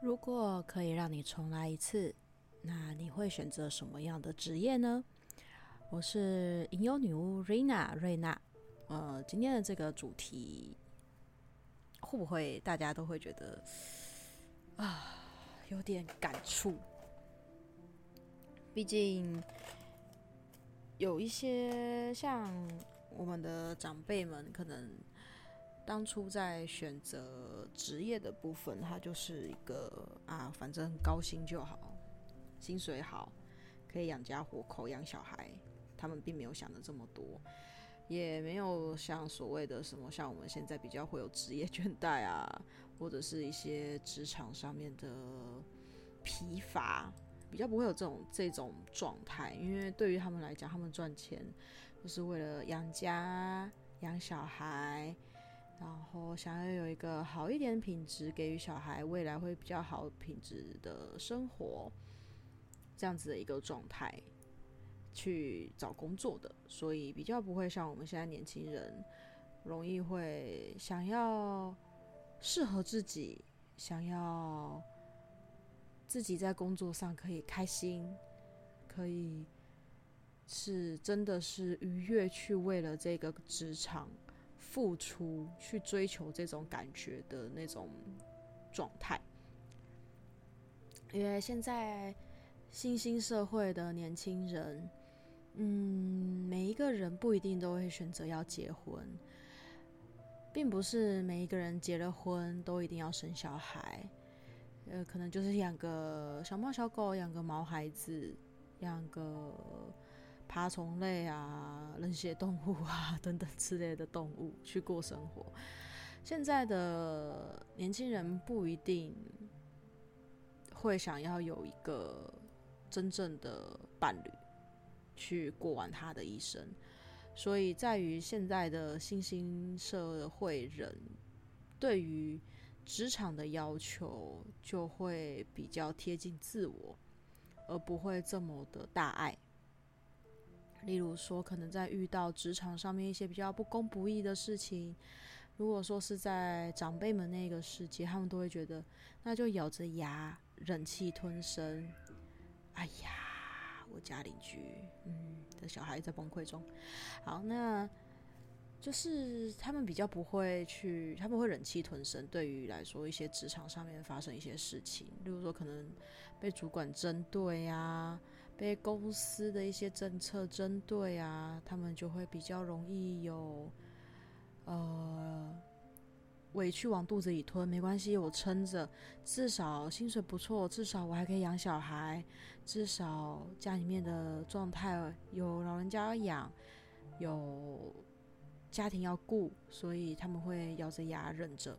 如果可以讓你重來一次，那你會選擇什麼樣的職業呢？我是吟遊女巫瑞娜，瑞娜。呃，今天的這個主題會不會大家都會覺得啊，有點感觸？畢竟有一些像我們的長輩們可能。當初在選擇職業的部分，他就是一個啊，反正高薪就好，薪水好，可以養家活口，養小孩。他們並沒有想得這麼多，也沒有像所謂的什麼，像我們現在比較會有職業倦怠，啊，或者是一些職場上面的疲乏，比較不會有這種這種狀態。因為對於他們來講，他們賺錢就是為了養家、養小孩。然後想要有一個好一點品質，給予小孩未來會比較好品質的生活，這樣子的一個狀態去找工作的，所以比較不會像我們現在年輕人容易會想要適合自己，想要自己在工作上可以開心，可以是真的是愉悅去為了這個職場。付出去追求這種感覺的那種狀態，因為現在新興社會的年輕人，嗯，每一個人不一定都會選擇要結婚，並不是每一個人結了婚都一定要生小孩，呃，可能就是養個小貓小狗，養個毛孩子，養個爬蟲類啊。一些動物啊，等等之類的動物去過生活。現在的年輕人不一定會想要有一個真正的伴侶去過完他的一生，所以在於現在的新興社會人對於職場的要求就會比較貼近自我，而不會這麼的大愛。例如說，可能在遇到職場上面一些比較不公不義的事情，如果說是在長輩們那個世界，他們都會覺得，那就咬着牙忍氣吞聲。哎呀，我家鄰居，嗯，這小孩在崩潰中。好，那就是他們比較不會去，他們會忍氣吞聲。對於來說，一些職場上面發生一些事情，例如說可能被主管針對呀、啊。被公司的一些政策針對啊，他們就會比較容易有，呃，委屈往肚子裡吞。沒關係，我撐着，至少薪水不錯，至少我還可以養小孩，至少家裡面的狀態有老人家要養，有家庭要顧，所以他們會咬着牙忍着。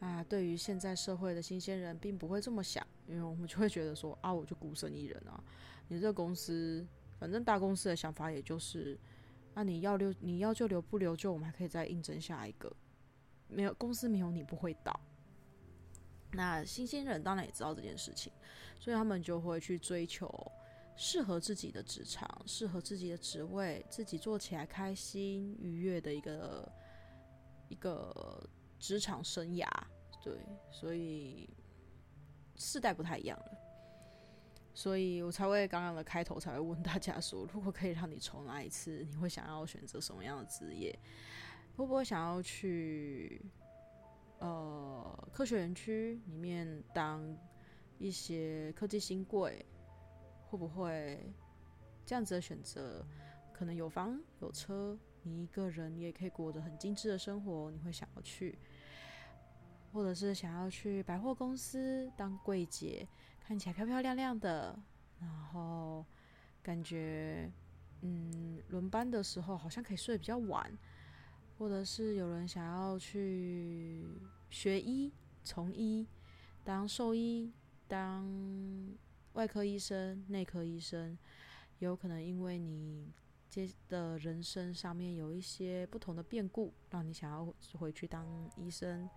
啊，對於現在社會的新鮮人，並不會這麼想，因為我們就會覺得說啊，我就孤身一人啊。你這個公司，反正大公司的想法也就是，那、啊、你要留，你要就留，不留就我們還可以再應徵下一個。沒有公司沒有你不會倒。那新鮮人當然也知道這件事情，所以他們就會去追求適合自己的職場、適合自己的職位，自己做起來開心愉悅的一個一個職場生涯。對，所以世代不太一樣了。所以我才會剛剛的開頭才會問大家說，如果可以讓你重來一次，你會想要選擇什麼樣的職業？會不會想要去呃科學園區裡面當一些科技新貴？會不會這樣子的選擇？嗯、可能有房有車，你一個人也可以過得很精致的生活。你會想要去，或者是想要去百貨公司當櫃姐？看起來漂漂亮亮的，然後感覺，嗯，輪班的時候好像可以睡得比較晚，或者是有人想要去學醫、從醫、當獸醫、當外科醫生、內科醫生，有可能因為你接的人生上面有一些不同的變故，讓你想要回去當醫生。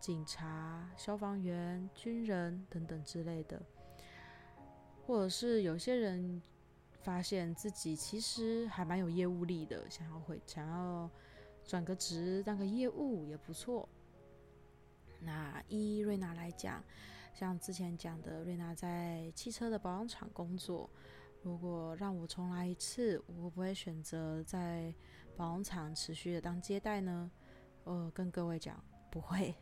警察、消防員、軍人等等之類的，或者是有些人發現自己其實還蠻有業務力的，想要回想要轉個職當個業務也不錯。那依瑞娜來講，像之前講的，瑞娜在汽車的保養廠工作，如果讓我重來一次，我不會選擇在保養廠持續的當接待呢。呃，跟各位講。不會，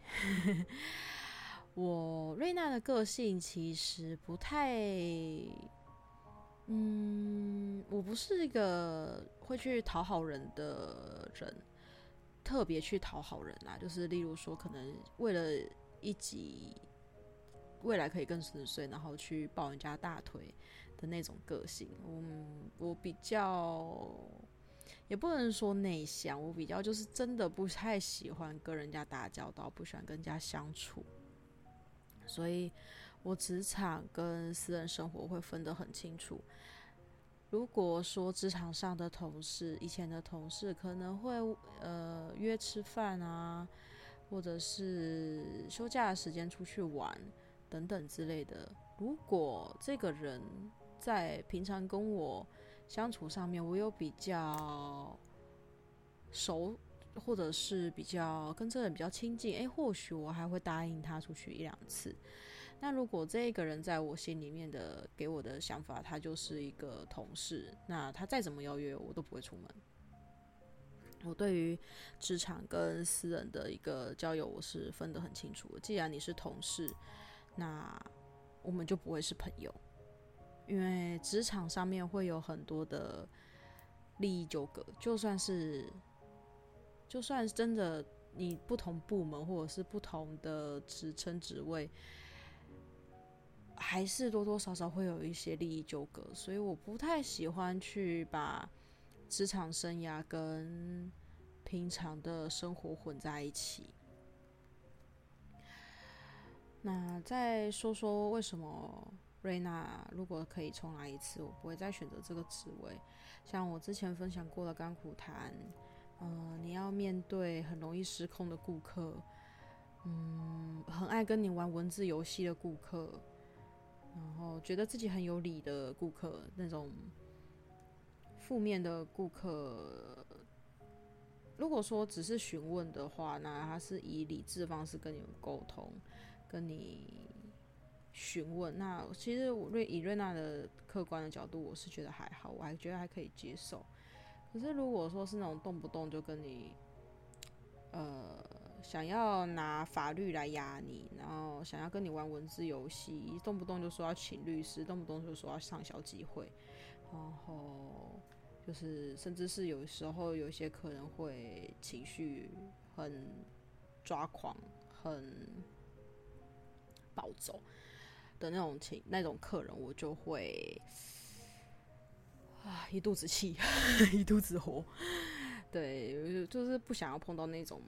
我瑞娜的個性其實不太，嗯，我不是一個會去討好人的人，特別去討好人啦、啊，就是例如說，可能為了一己未來可以更順遂，然後去抱人家大腿的那種個性，嗯，我比較。也不能說內向，我比較就是真的不太喜歡跟人家打交道，不喜歡跟人家相處，所以我職場跟私人生活會分得很清楚。如果說職場上的同事，以前的同事可能會呃約吃飯啊，或者是休假的時間出去玩等等之類的，如果這個人在平常跟我。相處上面，我有比較熟，或者是比較跟這個人比較親近，誒、欸，或許我還會答應他出去一兩次。那如果這個人在我心裡面的給我的想法，他就是一個同事，那他再怎麼邀約，我都不會出門。我對於職場跟私人的一個交友，我是分得很清楚的。既然你是同事，那我們就不會是朋友。因為職場上面會有很多的利益糾葛，就算是就算是真的，你不同部門或者是不同的職稱職位，還是多多少少會有一些利益糾葛，所以我不太喜歡去把職場生涯跟平常的生活混在一起。那再說說為什麼？瑞娜，如果可以重來一次，我不會再選擇這個職位。像我之前分享過的甘苦談，嗯、呃，你要面對很容易失控的顧客，嗯，很愛跟你玩文字遊戲的顧客，然後覺得自己很有理的顧客，那種負面的顧客。如果說只是詢問的話，那他是以理智方式跟你們溝通，跟你。詢問，那其實我以瑞娜的客觀的角度，我是覺得還好，我還覺得還可以接受。可是如果說是那種動不動就跟你，呃，想要拿法律來壓你，然後想要跟你玩文字遊戲，動不動就說要請律師，動不動就說要上消基會，然後就是甚至是有時候有些客人會情緒很抓狂，很暴走。的那種情、那種客人，我就會啊，一肚子氣， 一肚子火。對，就是不想要碰到那種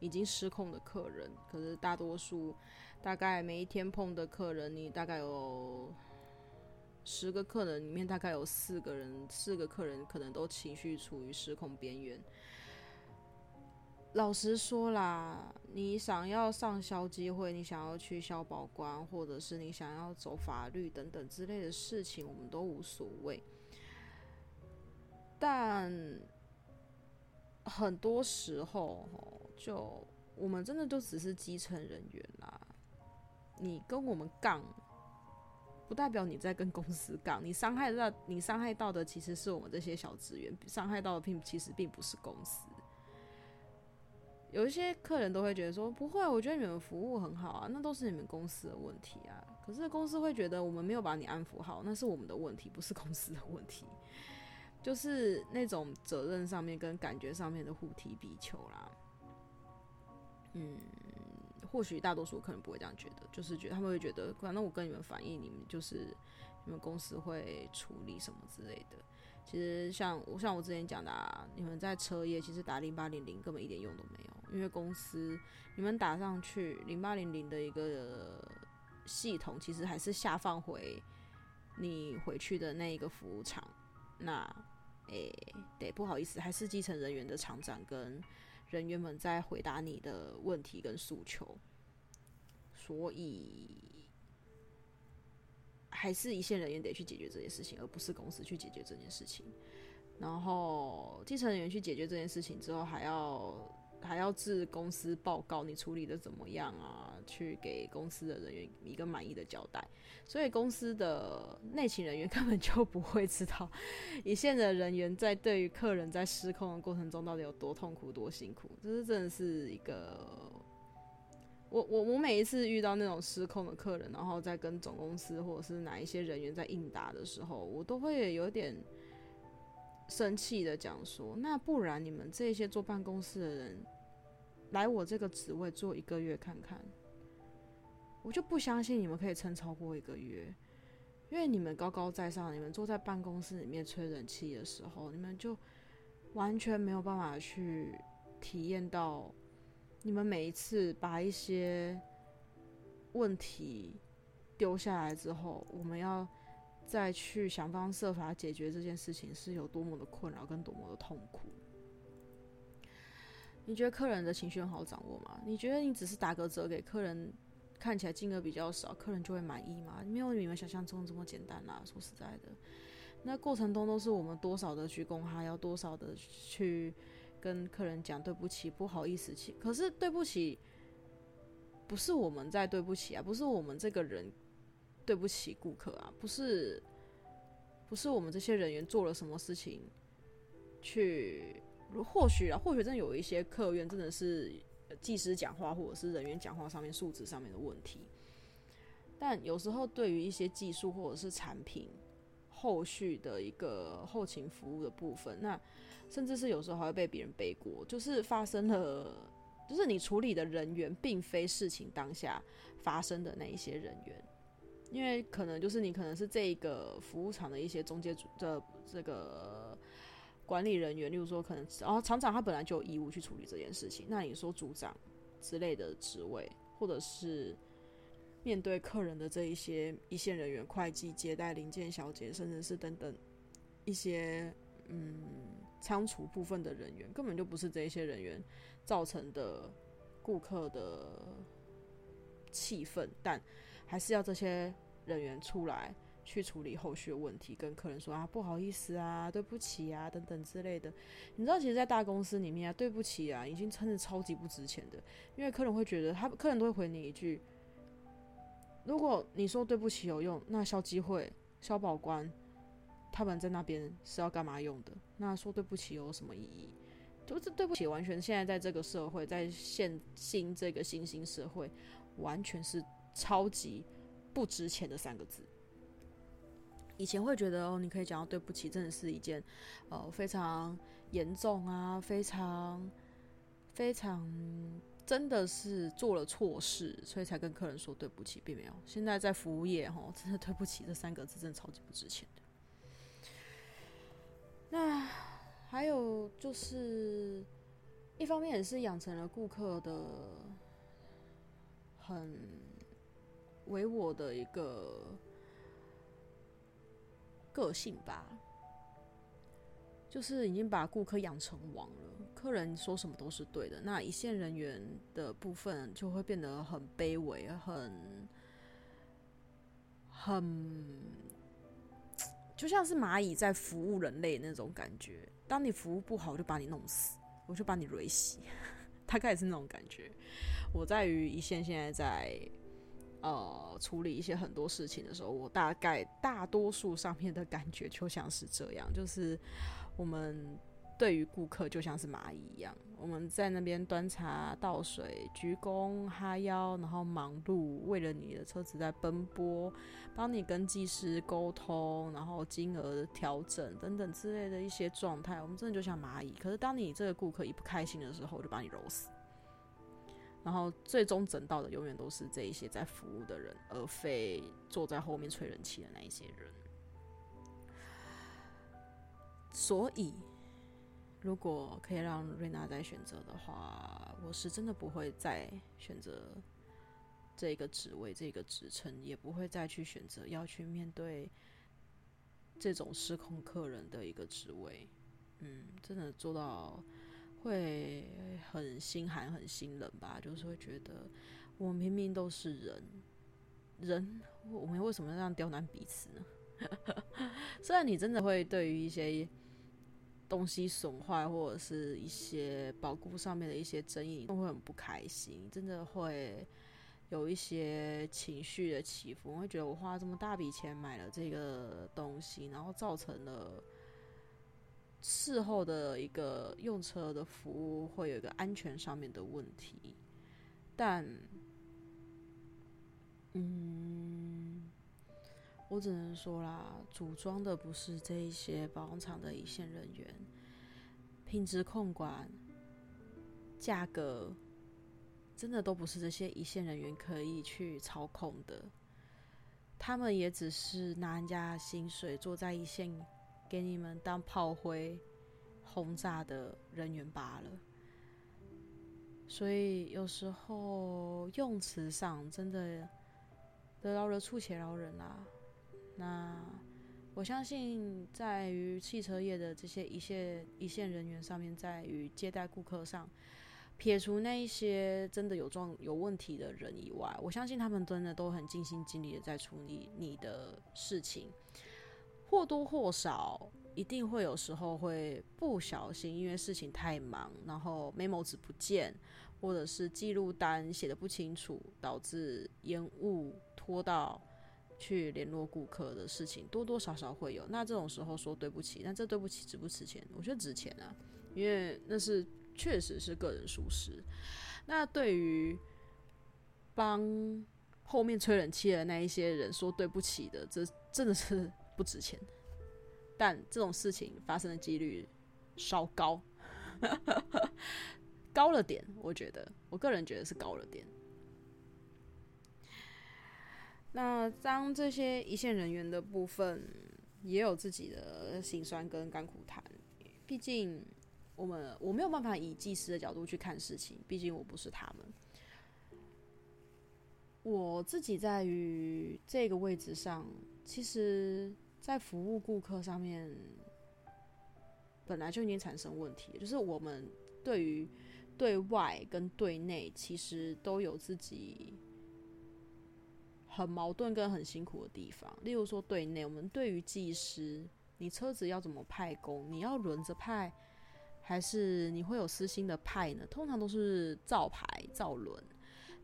已經失控的客人。可是大多數，大概每一天碰的客人，你大概有十個客人，裡面大概有四個人，四個客人可能都情緒處於失控邊緣。老實說啦，你想要上消基會，你想要去消保官，或者是你想要走法律等等之類的事情，我們都無所謂。但很多時候，就我們真的都只是基層人員啦。你跟我們槓，不代表你在跟公司槓。你傷害到你傷害到的，其實是我們這些小職員，傷害到的並其實並不是公司。有一些客人都會覺得說：“不會，我覺得你們服務很好啊，那都是你們公司的問題啊。”可是公司會覺得我們沒有把你安撫好，那是我們的問題，不是公司的問題，就是那種責任上面跟感覺上面的互踢皮球啦。嗯，或許大多數可能不會這樣覺得，就是覺得他們會覺得，反正我跟你們反映，你們就是你們公司會處理什麼之類的。其實像我像我之前講的啊，你們在車業其實打零八零零根本一點用都沒有。因為公司，你們打上去零八零零的一個、呃、系統，其實還是下放回你回去的那一個服務場。那，誒、欸，對，不好意思，還是基層人員的廠長跟人員們在回答你的問題跟訴求。所以，還是一線人員得去解決這件事情，而不是公司去解決這件事情。然後，基層人員去解決這件事情之後，還要。還要自公司報告，你處理的怎麼樣啊？去給公司的人員一個滿意的交代。所以公司的內勤人員根本就不會知道一線的人員在對於客人在失控的過程中到底有多痛苦、多辛苦。這是真的是一個我，我我我每一次遇到那種失控的客人，然後在跟總公司或者是哪一些人員在應答的時候，我都會有點。生氣的講說：“那不然你們這些坐辦公室的人，來我這個職位做一個月看看，我就不相信你們可以撐超過一個月。因為你們高高在上，你們坐在辦公室裡面吹冷氣的時候，你們就完全沒有辦法去體驗到，你們每一次把一些問題丟下來之後，我們要。”再去想方設法解決這件事情是有多麼的困擾跟多麼的痛苦。你覺得客人的情緒很好掌握嗎？你覺得你只是打個折給客人，看起來金額比較少，客人就會滿意嗎？沒有你們想象中這麼簡單啦、啊。說實在的，那過程中都是我們多少的鞠躬，還要多少的去跟客人講對不起、不好意思。可是對不起，不是我們在對不起啊，不是我們這個人。對不起，顧客啊，不是，不是我們這些人員做了什麼事情去，去或許啊，或許真的有一些客怨真的是技師講話或者是人員講話上面素質上面的問題。但有時候對於一些技術或者是產品後續的一個後勤服務的部分，那甚至是有時候還會被別人背鍋，就是發生了，就是你處理的人員並非事情當下發生的那一些人員。因為可能就是你可能是這個服務廠的一些中介組的這個管理人員，例如說可能，然後，哦，廠長他本來就有義務去處理這件事情。那你說組長之類的職位，或者是面對客人的這一些一線人員，會計、接待、零件小姐，甚至是等等一些嗯倉儲部分的人員，根本就不是這些人員造成的顧客的氣氛，但還是要這些。人員出來去處理後續的問題，跟客人說啊，不好意思啊，對不起啊，等等之類的。你知道，其實，在大公司裡面啊，對不起啊，已經真的超級不值錢的，因為客人會覺得他客人都會回你一句。如果你說對不起有用，那消基會、消保官，他們在那邊是要幹嘛用的？那說對不起有什麼意義？就是對不起，完全現在在這個社會，在現新這個新興社會，完全是超級。不值錢的三個字。以前會覺得哦，你可以講到對不起，真的是一件，呃，非常嚴重啊，非常非常真的是做了錯事，所以才跟客人說對不起，並沒有。現在在服務業，哦，真的對不起這三個字真的超級不值錢的。那還有就是，一方面也是養成了顧客的很。為我的一個個性吧，就是已經把顧客養成王了，客人說什麼都是對的。那一線人員的部分就會變得很卑微，很很，就像是螞蟻在服務人類那種感覺。當你服務不好，我就把你弄死，我就把你銳洗， 大概也是那種感覺。我在於一線，現在在，呃，處理一些很多事情的時候，我大概大多數上面的感覺就像是這樣，就是我們對於顧客就像是螞蟻一樣，我們在那邊端茶倒水、鞠躬哈腰，然後忙碌為了你的車子在奔波，幫你跟技師溝通，然後金額調整等等之類的一些狀態，我們真的就像螞蟻。可是當你這個顧客一不開心的時候，我就把你揉死。然後最終整到的永遠都是這一些在服務的人，而非坐在後面吹人氣的那一些人。所以，如果可以讓瑞娜再選擇的話，我是真的不會再選擇這個職位、這個職稱，也不會再去選擇要去面對這種失控客人的一個職位。嗯，真的做到。會很心寒，很心冷吧，就是會覺得我明明都是人，人，我，我們為什麼要這樣刁難彼此呢？ 雖然你真的會對於一些東西損壞或者是一些保固上面的一些爭議，都會很不開心，真的會有一些情緒的起伏。我會覺得我花這麼大筆錢買了這個東西，然後造成了。事後的一個用車的服務，會有一個安全上面的問題，但，嗯，我只能說啦，組裝的不是這一些保養廠的一線人員，品質控管，價格，真的都不是這些一線人員可以去操控的，他們也只是拿人家的薪水坐在一線。給你們當炮灰轟炸的人員罷了，所以有時候用詞上真的得饒人處且饒人啦。那我相信，在於汽車業的這些一線一線人員上面，在於接待顧客上，撇除那一些真的有狀有問題的人以外，我相信他們真的都很盡心盡力的在處理你的事情。或多或少一定會有時候會不小心，因為事情太忙，然後 memo 紙不見，或者是記錄單寫的不清楚，導致延誤拖到去聯絡顧客的事情，多多少少會有。那這種時候說對不起，那這對不起值不值錢？我覺得值錢啊，因為那是確實是個人疏失。那對於幫後面催人氣的那一些人說對不起的，這真的是。不值錢，但這種事情發生的幾率稍高， 高了點，我覺得，我個人覺得是高了點。那當這些一線人員的部分也有自己的辛酸跟甘苦談，畢竟我們我沒有辦法以技師的角度去看事情，畢竟我不是他們。我自己在於這個位置上。其實，在服務顧客上面，本來就已經產生問題。就是我們對於對外跟對內，其實都有自己很矛盾跟很辛苦的地方。例如說，對內，我們對於技師，你車子要怎麼派工？你要輪着派，還是你會有私心的派呢？通常都是照牌照輪，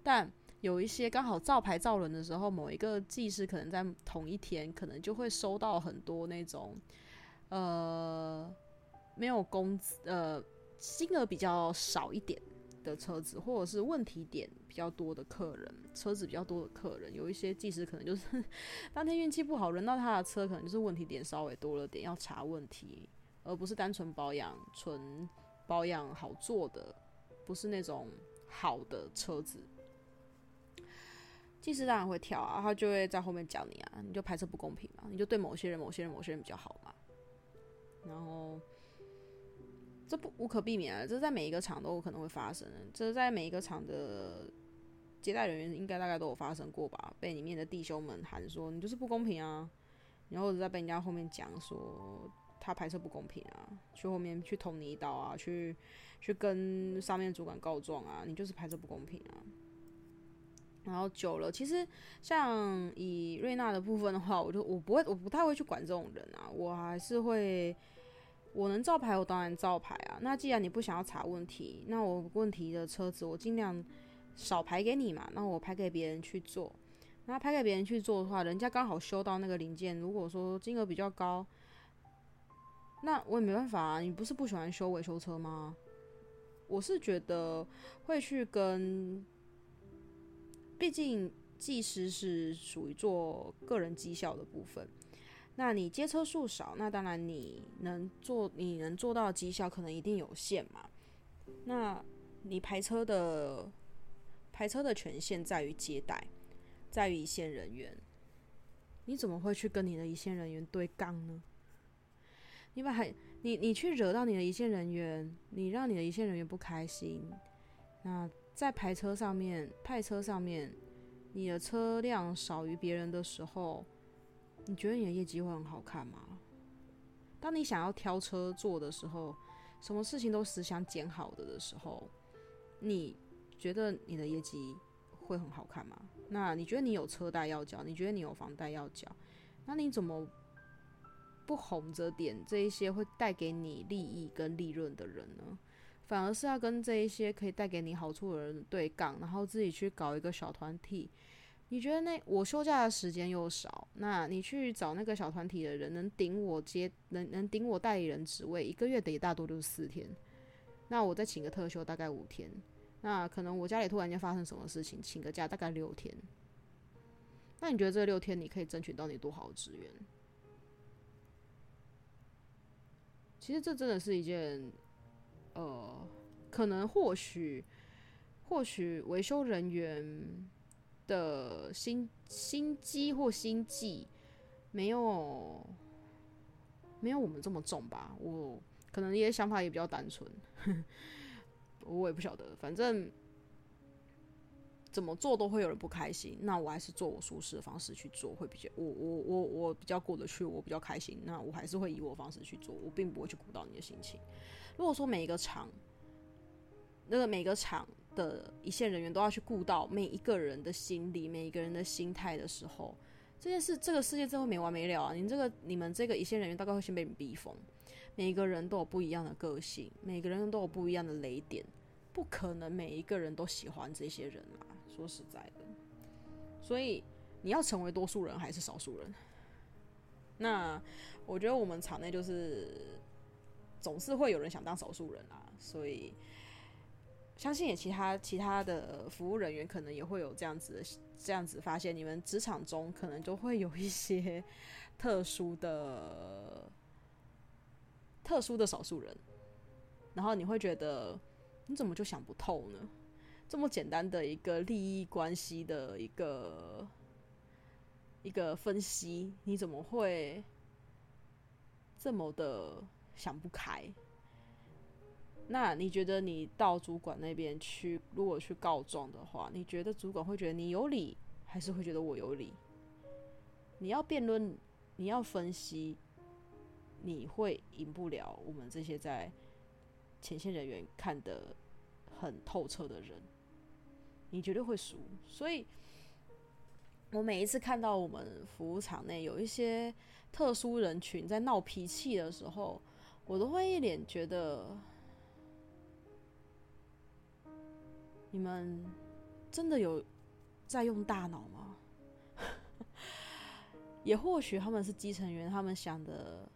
但，有一些剛好照牌照人的時候，某一個技師可能在同一天，可能就會收到很多那種呃沒有工資呃金額比較少一點的車子，或者是問題點比較多的客人，車子比較多的客人，有一些技師可能就是當天運氣不好，輪到他的車可能就是問題點稍微多了點，要查問題，而不是單純保養，純保養好做的，不是那種好的車子。技師當然會跳啊，他就會在後面講你啊，你就排班不公平嘛，你就對某些人、某些人、某些人比較好嘛。然後這不無可避免啊，這在每一個場都有可能會發生，這是在每一個場的接待人員應該大概都有發生過吧，被裡面的弟兄們喊說你就是不公平啊，然後在被人家後面講說他排班不公平啊，去後面去捅你一刀啊，去去跟上面主管告狀啊，你就是排班不公平啊。然後久了，其實像以瑞娜的部分的話，我就我不會，我不太會去管這種人啊。我還是會，我能照排我當然照排啊。那既然你不想要查問題，那我問題的車子我盡量少排給你嘛。那我排給別人去做，那排給別人去做的話，人家剛好修到那個零件，如果說金額比較高，那我也沒辦法啊。你不是不喜歡修維修車嗎？我是覺得會去跟。畢竟技師是屬於做個人績效的部分，那你接車數少，那當然你能做你能做到的績效可能一定有限嘛。那你排車的排車的權限在於接待，在於一線人員，你怎麼會去跟你的一線人員對槓呢？你把還你你去惹到你的一線人員，你讓你的一線人員不開心，那。在排車上面，派車上面，你的車輛少於別人的時候，你覺得你的業績會很好看嗎？當你想要挑車做的時候，什麼事情都是想撿好的的時候，你覺得你的業績會很好看嗎？那你覺得你有車貸要繳？你覺得你有房貸要繳？那你怎麼不哄着點這一些會帶給你利益跟利潤的人呢？反而是要跟這一些可以帶給你好處的人對槓，然後自己去搞一個小團體。你覺得那我休假的時間又少，那你去找那個小團體的人能頂我接能能頂我代理人職位，一個月得大多就是四天。那我再請個特休大概五天，那可能我家裡突然間發生什麼事情，請個假大概六天。那你覺得這六天你可以爭取到你多好的資源？其實這真的是一件。呃，可能或許或許維修人員的心心機或心計沒有沒有我們這麼重吧？我可能也想法也比較單純，我也不曉得，反正。怎麼做都會有人不開心，那我還是做我舒適的方式去做會比較，我我我我比較過得去，我比較開心，那我還是會以我的方式去做，我並不會去顧到你的心情。如果說每一個場，那個每個場的一線人員都要去顧到每一個人的心理、每一個人的心態的時候，這件事這個世界最後沒完沒了啊！你這個你們這個一線人員大概會先被你逼瘋。每一個人都有不一樣的個性，每個人都有不一樣的雷點，不可能每一個人都喜歡這些人嘛。說實在的，所以你要成為多數人還是少數人？那我覺得我們場內就是總是會有人想當少數人啊，所以相信也其他其他的服務人員可能也會有這樣子這樣子發現，你們職場中可能就會有一些特殊的特殊的少數人，然後你會覺得你怎麼就想不透呢？這麼簡單的一個利益關係的一個一個分析，你怎麼會這麼的想不開？那你覺得你到主管那邊去，如果去告狀的話，你覺得主管會覺得你有理，還是會覺得我有理？你要辯論，你要分析，你會贏不了我們這些在前線人員看得很透徹的人。你絕對會輸，所以，我每一次看到我們服務場內有一些特殊人群在鬧脾氣的時候，我都會一臉覺得，你們真的有在用大腦嗎？ 也或許他們是基層員，他們想的。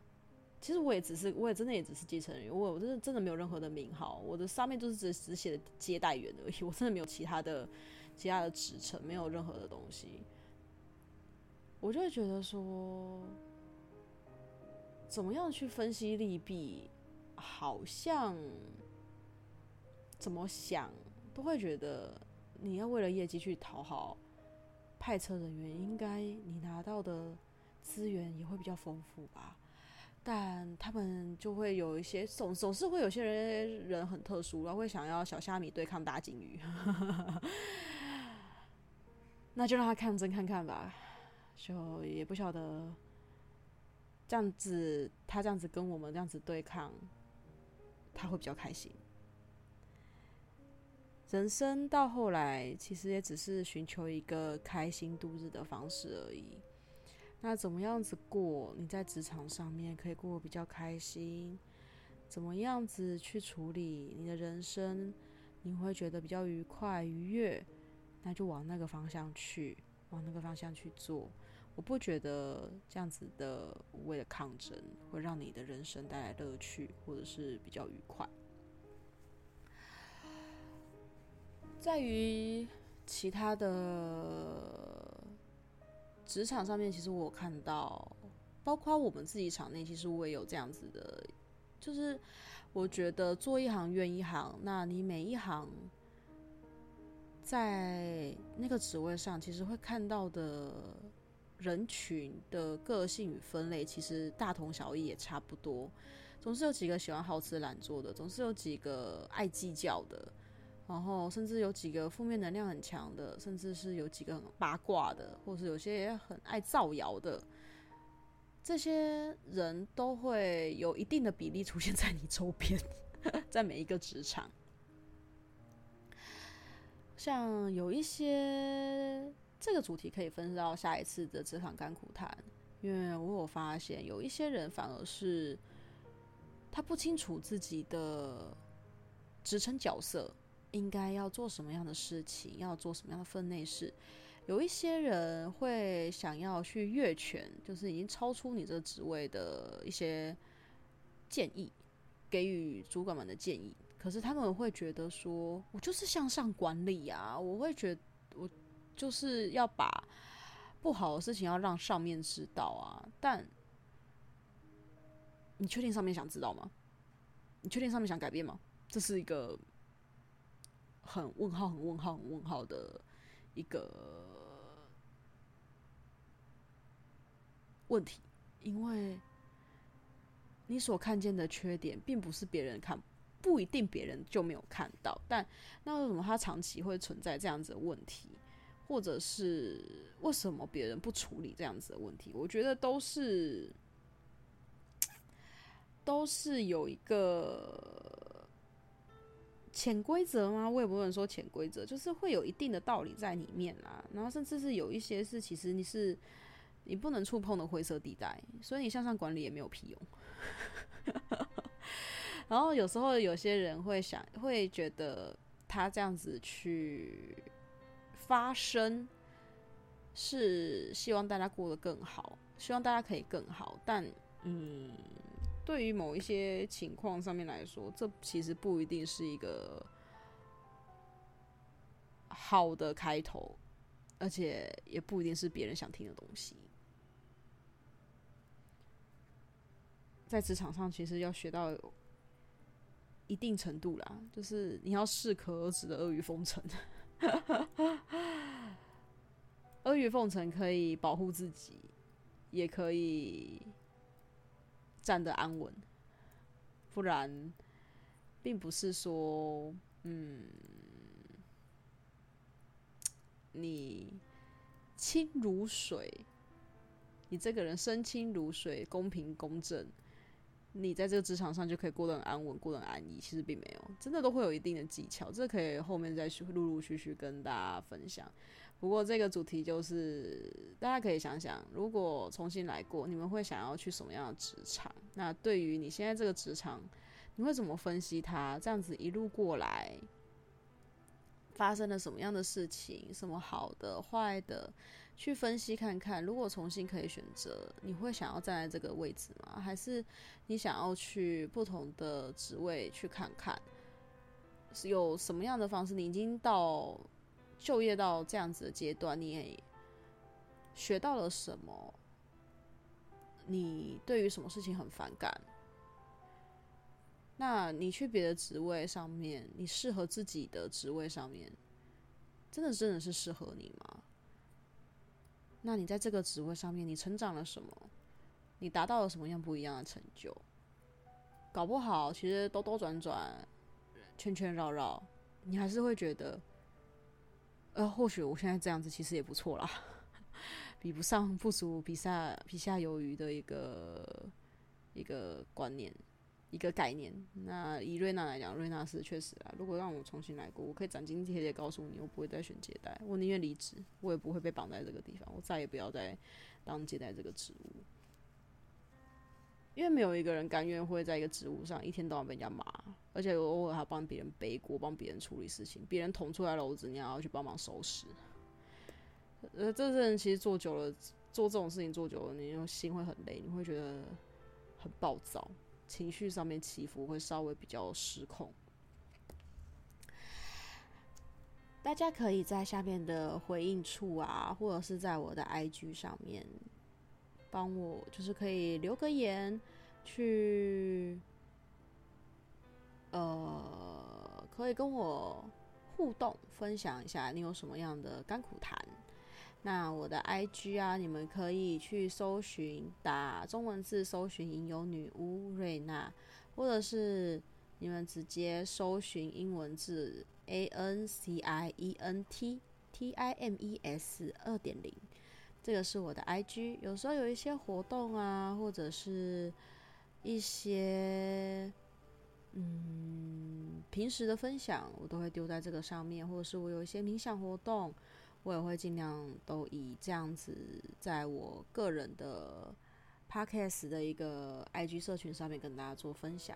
其實我也只是，我也真的也只是繼承人員，我我真的真的沒有任何的名號，我的上面就是只只寫的接待員而已，我真的沒有其他的其他的職稱，沒有任何的東西。我就會覺得說，怎麼樣去分析利弊，好像怎麼想都會覺得，你要為了業績去討好派車人員，應該你拿到的資源也會比較豐富吧。但他們就會有一些總總是會有些人人很特殊，然後會想要小蝦米對抗大鯨魚。 那就讓他看真看看吧，就也不曉得這樣子他這樣子跟我們這樣子對抗，他會比較開心。人生到後來，其實也只是尋求一個開心度日的方式而已。那怎麼樣子過？你在職場上面可以過得比較開心，怎麼樣子去處理你的人生，你會覺得比較愉快愉悅，那就往那個方向去，往那個方向去做。我不覺得這樣子的無謂的抗爭會讓你的人生帶來樂趣，或者是比較愉快，在於其他的。職場上面，其實我有看到，包括我們自己場內，其實我也有這樣子的，就是我覺得做一行怨一行，那你每一行在那個職位上，其實會看到的人群的個性與分類，其實大同小異，也差不多。總是有幾個喜歡好吃懶做的，總是有幾個愛計較的。然後，甚至有幾個負面能量很強的，甚至是有幾個很八卦的，或是有些也很愛造謠的，這些人都會有一定的比例出現在你周邊， 在每一個職場。像有一些這個主題可以分到下一次的職場甘苦談，因為我有發現有一些人反而是他不清楚自己的職稱角色。應該要做什麼樣的事情，要做什麼樣的分內事，有一些人會想要去越權，就是已經超出你這個職位的一些建議，給予主管們的建議。可是他們會覺得說，我就是向上管理啊，我會覺得我就是要把不好的事情要讓上面知道啊。但你確定上面想知道嗎？你確定上面想改變嗎？這是一個。很問號，很問號，很問號的一個問題。因為你所看見的缺點，並不是別人看，不一定別人就沒有看到。但那為什麼他長期會存在這樣子的問題，或者是為什麼別人不處理這樣子的問題？我覺得都是都是有一個。潛規則嗎？我也不能說潛規則，就是會有一定的道理在裡面啦。然後甚至是有一些是其實你是你不能觸碰的灰色地帶，所以你向上管理也沒有屁用。 然後有時候有些人會想，會覺得他這樣子去發聲，是希望大家過得更好，希望大家可以更好，但嗯。對於某一些情況上面來說，這其實不一定是一個好的開頭，而且也不一定是別人想聽的東西。在職場上，其實要學到有一定程度啦，就是你要適可而止的阿諛奉承。阿 諛奉承可以保護自己，也可以。站得安穩，不然，並不是說，嗯，你清如水，你這個人身清如水，公平公正，你在這個職場上就可以過得很安穩，過得很安逸。其實並沒有，真的都會有一定的技巧，這可以後面再去陸陸續續跟大家分享。不過這個主題就是，大家可以想想，如果重新來過，你們會想要去什麼樣的職場？那對於你現在這個職場，你會怎麼分析它？這樣子一路過來，發生了什麼樣的事情？什麼好的、壞的，去分析看看。如果重新可以選擇，你會想要站在這個位置嗎？還是你想要去不同的職位去看看？是有什麼樣的方式？你已經到。就業到這樣子的階段，你也學到了什麼？你對於什麼事情很反感？那你去別的職位上面，你適合自己的職位上面，真的真的是適合你嗎？那你在這個職位上面，你成長了什麼？你達到了什麼樣不一樣的成就？搞不好，其實兜兜轉轉，圈圈繞繞，你還是會覺得。呃，或許我現在這樣子其實也不錯啦，比不上不、不足比下、比下有餘的一個一個觀念、一個概念。那以瑞娜來講，瑞娜是確實啊。如果讓我重新來過，我可以斬釘截鐵告訴你，我不會再選接待，我寧願離職，我也不會被綁在這個地方，我再也不要再當接待這個職務。因為沒有一個人甘願會在一個職務上一天到晚被人家罵，而且偶爾還幫別人背鍋、幫別人處理事情，別人捅出來簍子，你還要去幫忙收拾。呃，這些人其實做久了，做這種事情做久了，你心會很累，你會覺得很暴躁，情緒上面起伏會稍微比較失控。大家可以在下面的回應處啊，或者是在我的 IG 上面，幫我就是可以留個言，去，呃，可以跟我互動，分享一下你有什麼樣的甘苦談。那我的 I G 啊，你們可以去搜尋，打中文字搜尋吟遊女巫瑞娜，或者是你們直接搜尋英文字 A N C I E N T T I M E S 二點零。這個是我的 IG，有時候有一些活動啊，或者是一些嗯平時的分享，我都會丟在這個上面，或者是我有一些冥想活動，我也會盡量都以這樣子在我個人的 Podcast 的一個 IG 社群上面跟大家做分享。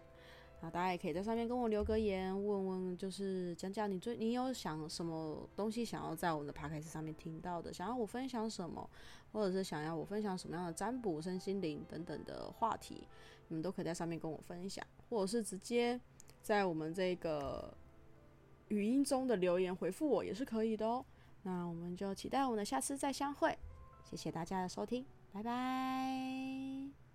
啊，大家也可以在上面跟我留個言，問問就是講講你最你有想什麼東西想要在我們的 podcast 上面聽到的，想要我分享什麼，或者是想要我分享什麼樣的占卜、身心靈等等的話題，你們都可以在上面跟我分享，或者是直接在我們這個語音中的留言回復我也是可以的哦。那我們就期待我們的下次再相會，謝謝大家的收聽，拜拜。